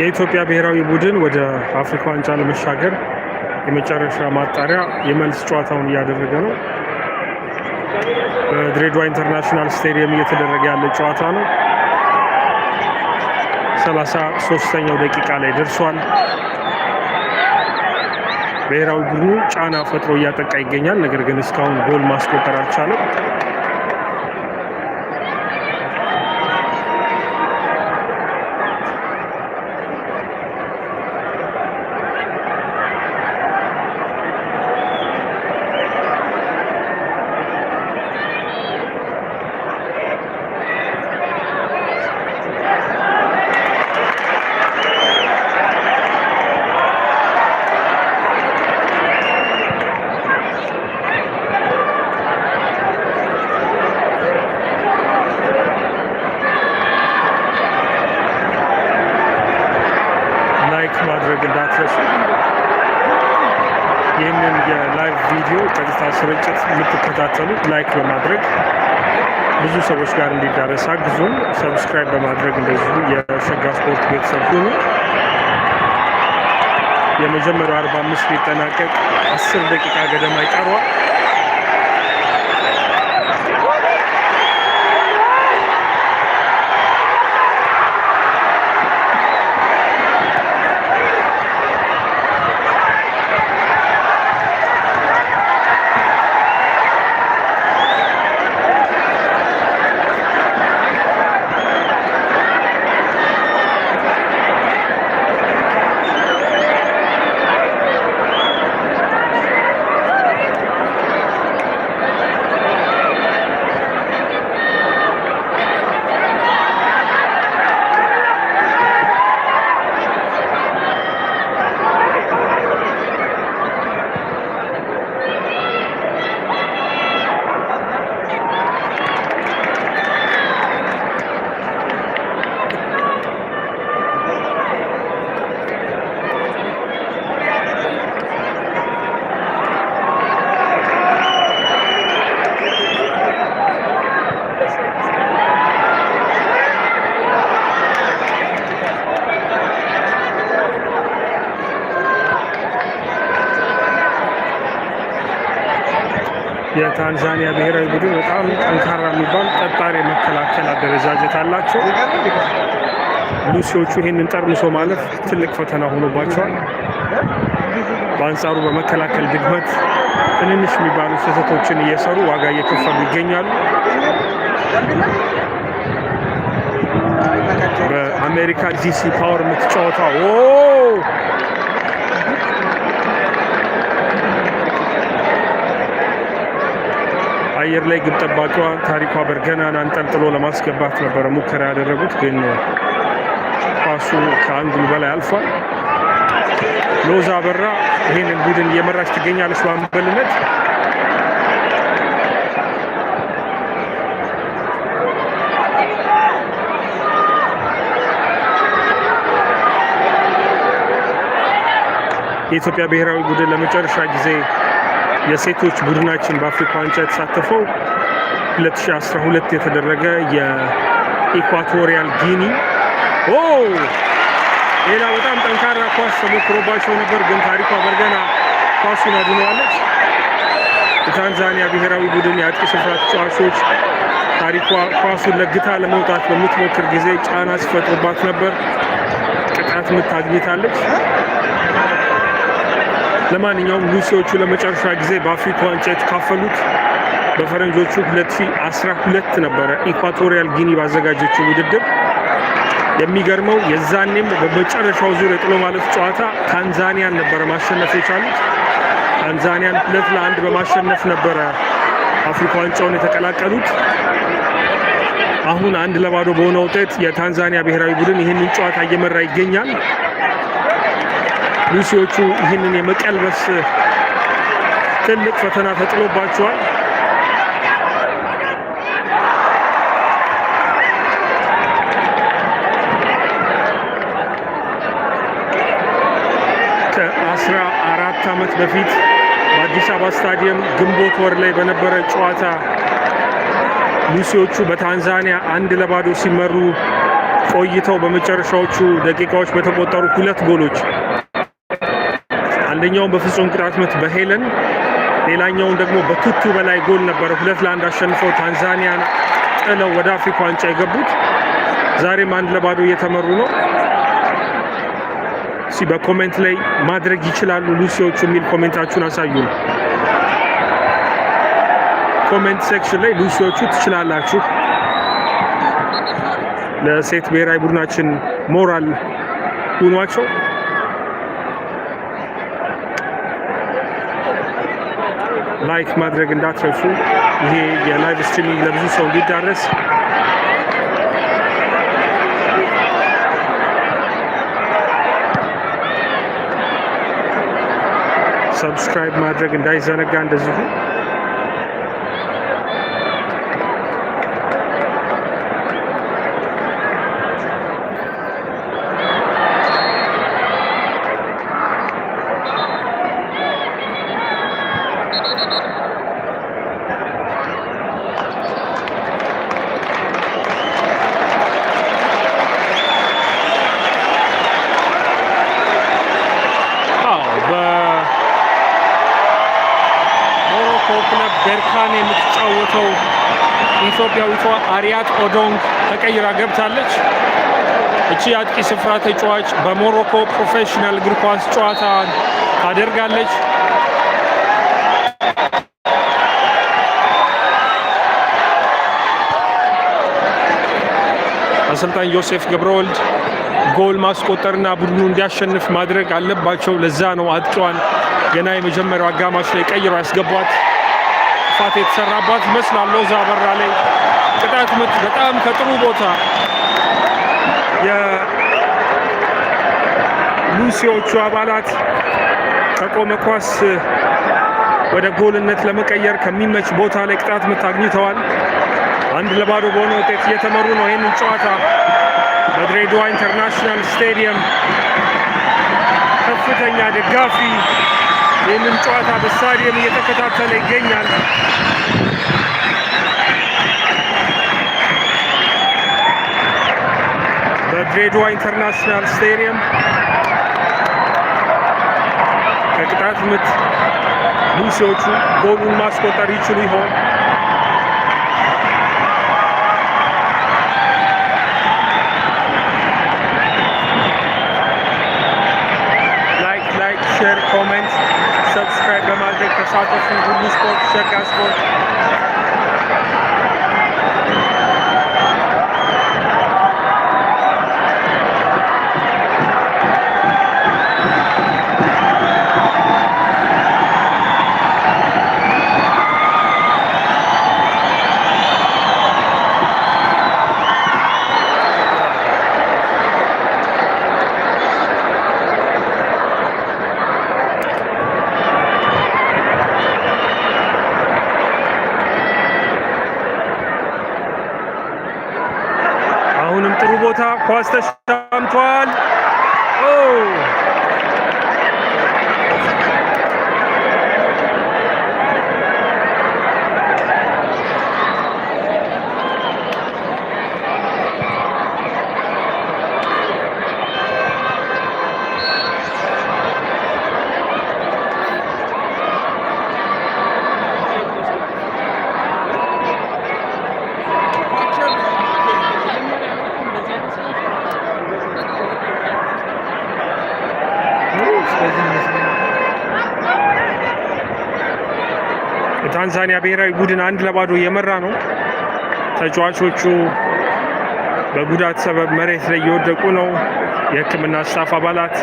የኢትዮጵያ ብሔራዊ ቡድን ወደ አፍሪካ ዋንጫ ለመሻገር የመጨረሻ ማጣሪያ የመልስ ጨዋታውን እያደረገ ነው። በድሬዳዋ ኢንተርናሽናል ስቴዲየም እየተደረገ ያለ ጨዋታ ነው። ሰላሳ ሶስተኛው ደቂቃ ላይ ደርሷል። ብሔራዊ ቡድኑ ጫና ፈጥሮ እያጠቃ ይገኛል። ነገር ግን እስካሁን ጎል ማስቆጠር አልቻለም። ሰዎች ጋር እንዲዳረስ አግዙን። ሰብስክራይብ በማድረግ እንደዚሁ የሸጋ ስፖርት ቤተሰብ ሁኑ። የመጀመሪያው 45 ሊጠናቀቅ 10 ደቂቃ ገደማ ይቀረዋል። የታንዛኒያ ብሔራዊ ቡድን በጣም ጠንካራ የሚባል ጠጣሪ የመከላከል አደረጃጀት አላቸው። ሉሲዎቹ ይህንን ጠርምሶ ማለፍ ትልቅ ፈተና ሆኖባቸዋል። በአንጻሩ በመከላከል ድግመት ትንንሽ የሚባሉ ስህተቶችን እየሰሩ ዋጋ እየከፈሉ ይገኛሉ። በአሜሪካ ዲሲ ፓወር የምትጫወተው አየር ላይ ግብ ጠባቂዋ ታሪኳ በርገናን አንጠልጥሎ ለማስገባት ነበረ ሙከራ ያደረጉት፣ ግን ኳሱ ከአንግሉ በላይ አልፏል። ሎዛ በራ ይህንን ቡድን እየመራች ትገኛለች በአምበልነት። የኢትዮጵያ ብሔራዊ ቡድን ለመጨረሻ ጊዜ የሴቶች ቡድናችን በአፍሪካ ዋንጫ የተሳተፈው 2012 የተደረገ የኢኳቶሪያል ጊኒ ሌላ በጣም ጠንካራ ኳስ ተሞክሮባቸው ነበር፣ ግን ታሪኳ በርገና ኳሱን አድነዋለች። የታንዛኒያ ብሔራዊ ቡድን የአጥቂ ስፍራ ተጫዋቾች ታሪኳ ኳሱን ለግታ ለመውጣት በምትሞክር ጊዜ ጫና ሲፈጥሩባት ነበር። ቅጣት ምት አግኝታለች። ለማንኛውም ሉሲዎቹ ለመጨረሻ ጊዜ በአፍሪካ ዋንጫ የተካፈሉት በፈረንጆቹ 2012 ነበረ ኢኳቶሪያል ጊኒ ባዘጋጀችው ውድድር። የሚገርመው የዛኔም በመጨረሻው ዙር የጥሎ ማለፍ ጨዋታ ታንዛኒያን ነበረ ማሸነፍ የቻሉት። ታንዛኒያን ሁለት ለአንድ በማሸነፍ ነበረ አፍሪካ ዋንጫውን የተቀላቀሉት። አሁን አንድ ለባዶ በሆነ ውጤት የታንዛኒያ ብሔራዊ ቡድን ይህንን ጨዋታ እየመራ ይገኛል። ሉሲዎቹ ይህንን የመቀልበስ ትልቅ ፈተና ተጥሎባቸዋል። ከአስራ አራት ዓመት በፊት በአዲስ አበባ ስታዲየም ግንቦት ወር ላይ በነበረ ጨዋታ ሉሲዎቹ በታንዛኒያ አንድ ለባዶ ሲመሩ ቆይተው በመጨረሻዎቹ ደቂቃዎች በተቆጠሩ ሁለት ጎሎች አንደኛውን በፍጹም ቅጣት ምት በሄለን ሌላኛውን ደግሞ በቱቱ በላይ ጎል ነበረ ሁለት ለአንድ አሸንፈው ታንዛኒያን ጥለው ወደ አፍሪካ ዋንጫ የገቡት። ዛሬም አንድ ለባዶ እየተመሩ ነው። እስኪ በኮሜንት ላይ ማድረግ ይችላሉ ሉሲዎቹ የሚል ኮሜንታችሁን አሳዩ ኮሜንት ሴክሽን ላይ ሉሲዎቹ ትችላላችሁ። ለሴት ብሔራዊ ቡድናችን ሞራል ሁኗቸው። ላይክ ማድረግ እንዳትረሱ። ይሄ የላይቭ ስትሪሚንግ ለብዙ ሰው እንዲዳረስ ሰብስክራይብ ማድረግ እንዳይዘነጋ እንደዚሁ ተቀይራ ገብታለች። እቺ የአጥቂ ስፍራ ተጫዋች በሞሮኮ ፕሮፌሽናል እግር ኳስ ጨዋታ ታደርጋለች። አሰልጣኝ ዮሴፍ ገብረወልድ ጎል ማስቆጠርና ቡድኑ እንዲያሸንፍ ማድረግ አለባቸው። ለዛ ነው አጥቂዋን ገና የመጀመሪያው አጋማሽ ላይ ቀይሮ ያስገቧት። ፋት የተሰራባት ይመስላል ሎዛ በራ ላይ ቅጣት ምት በጣም ከጥሩ ቦታ የሉሲዎቹ አባላት ከቆመ ኳስ ወደ ጎልነት ለመቀየር ከሚመች ቦታ ላይ ቅጣት ምት አግኝተዋል። አንድ ለባዶ በሆነ ውጤት እየተመሩ ነው። ይህንን ጨዋታ በድሬዳዋ ኢንተርናሽናል ስቴዲየም ከፍተኛ ደጋፊ ይህንን ጨዋታ በስታዲየም እየተከታተለ ይገኛል። the Gredwa International Stadium. Kijk het uit met Moesotje, Bogun Mascota Like, share, comment, subscribe bij mij. Ik ga zaterdag van Goedemoesport, check የታንዛኒያ ብሔራዊ ቡድን አንድ ለባዶ እየመራ ነው። ተጫዋቾቹ በጉዳት ሰበብ መሬት ላይ እየወደቁ ነው። የሕክምና ስታፍ አባላት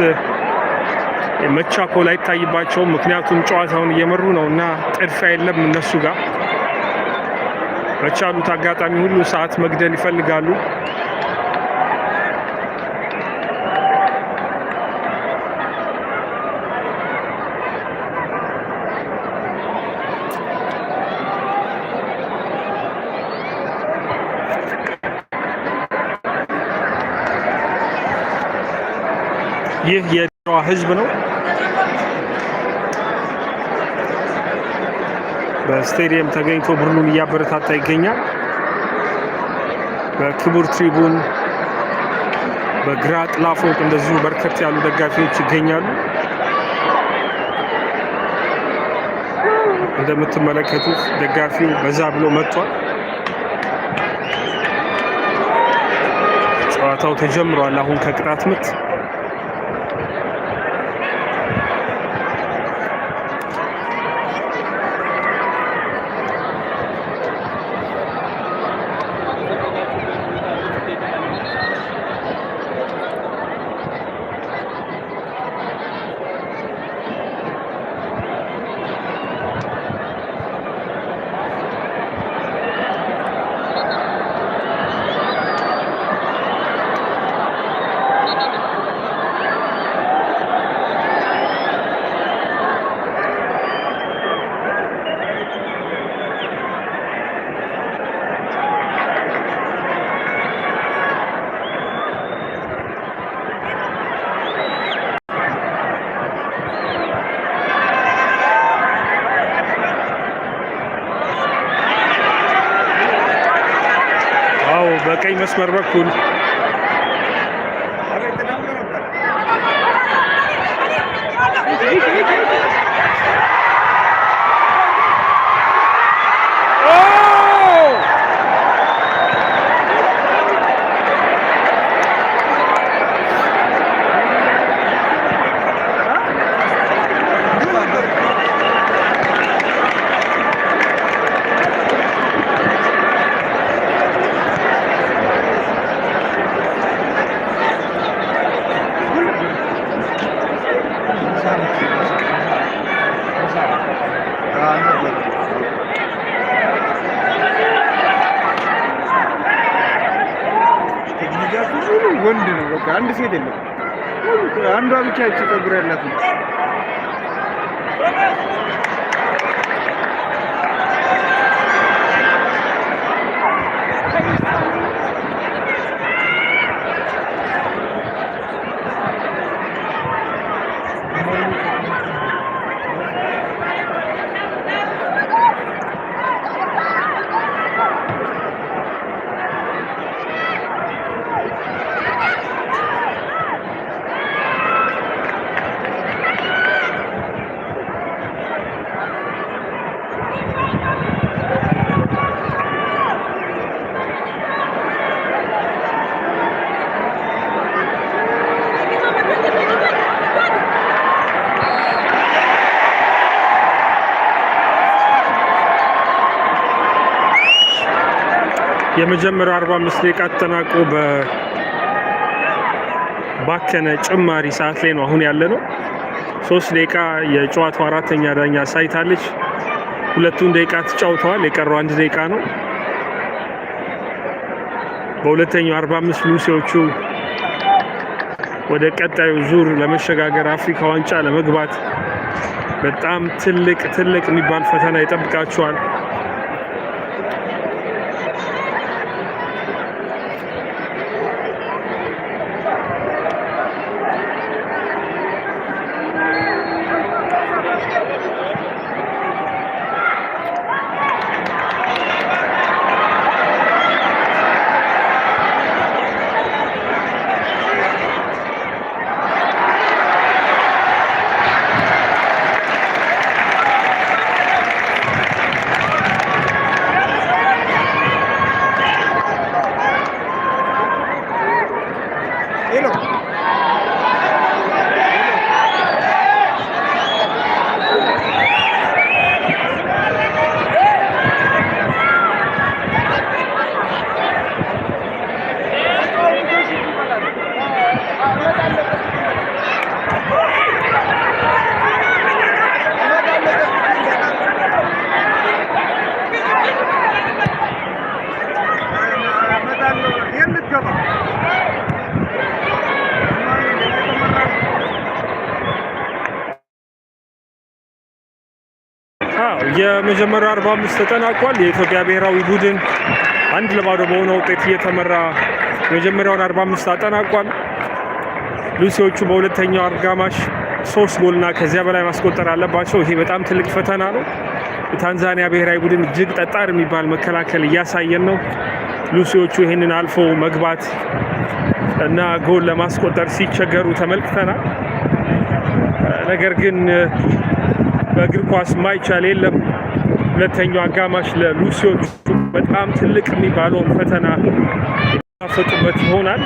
መቻኮል አይታይባቸውም። ምክንያቱም ጨዋታውን እየመሩ ነው እና ጥድፊያ የለም እነሱ ጋር በቻሉት አጋጣሚ ሁሉ ሰዓት መግደል ይፈልጋሉ። ይህ የድሬዳዋ ህዝብ ነው። በስቴዲየም ተገኝቶ ቡድኑን እያበረታታ ይገኛል። በክቡር ትሪቡን በግራ ጥላ ፎቅ እንደዚሁ በርከት ያሉ ደጋፊዎች ይገኛሉ። እንደምትመለከቱት ደጋፊው በዛ ብሎ መጥቷል። ጨዋታው ተጀምሯል። አሁን ከቅጣት ምት Kainos Barbacul. አንድ ሴት የለም። አንዷ ብቻ ይቺ ፀጉር ያላት ነው። የመጀመሪያው 45 ደቂቃ ተጠናቆ በባከነ ጭማሪ ሰዓት ላይ ነው አሁን ያለ ነው። ሶስት ደቂቃ የጨዋታው አራተኛ ዳኛ ሳይታለች። ሁለቱን ደቂቃ ተጫውተዋል። የቀረው አንድ ደቂቃ ነው። በሁለተኛው 45 ሉሲዎቹ ወደ ቀጣዩ ዙር ለመሸጋገር አፍሪካ ዋንጫ ለመግባት በጣም ትልቅ ትልቅ የሚባል ፈተና ይጠብቃቸዋል። know. የመጀመሪያው 45 ተጠናቋል። የኢትዮጵያ ብሔራዊ ቡድን አንድ ለባዶ በሆነ ውጤት እየተመራ የመጀመሪያውን 45 አጠናቋል። ሉሲዎቹ በሁለተኛው አጋማሽ ሶስት ጎልና ከዚያ በላይ ማስቆጠር አለባቸው። ይሄ በጣም ትልቅ ፈተና ነው። የታንዛኒያ ብሔራዊ ቡድን እጅግ ጠጣር የሚባል መከላከል እያሳየን ነው። ሉሲዎቹ ይህንን አልፎ መግባት እና ጎል ለማስቆጠር ሲቸገሩ ተመልክተናል። ነገር ግን በእግር ኳስ ማይቻል የለም። ሁለተኛው አጋማሽ ለሉሲዮ በጣም ትልቅ የሚባለውን ፈተና የሚያፈጡበት ይሆናል።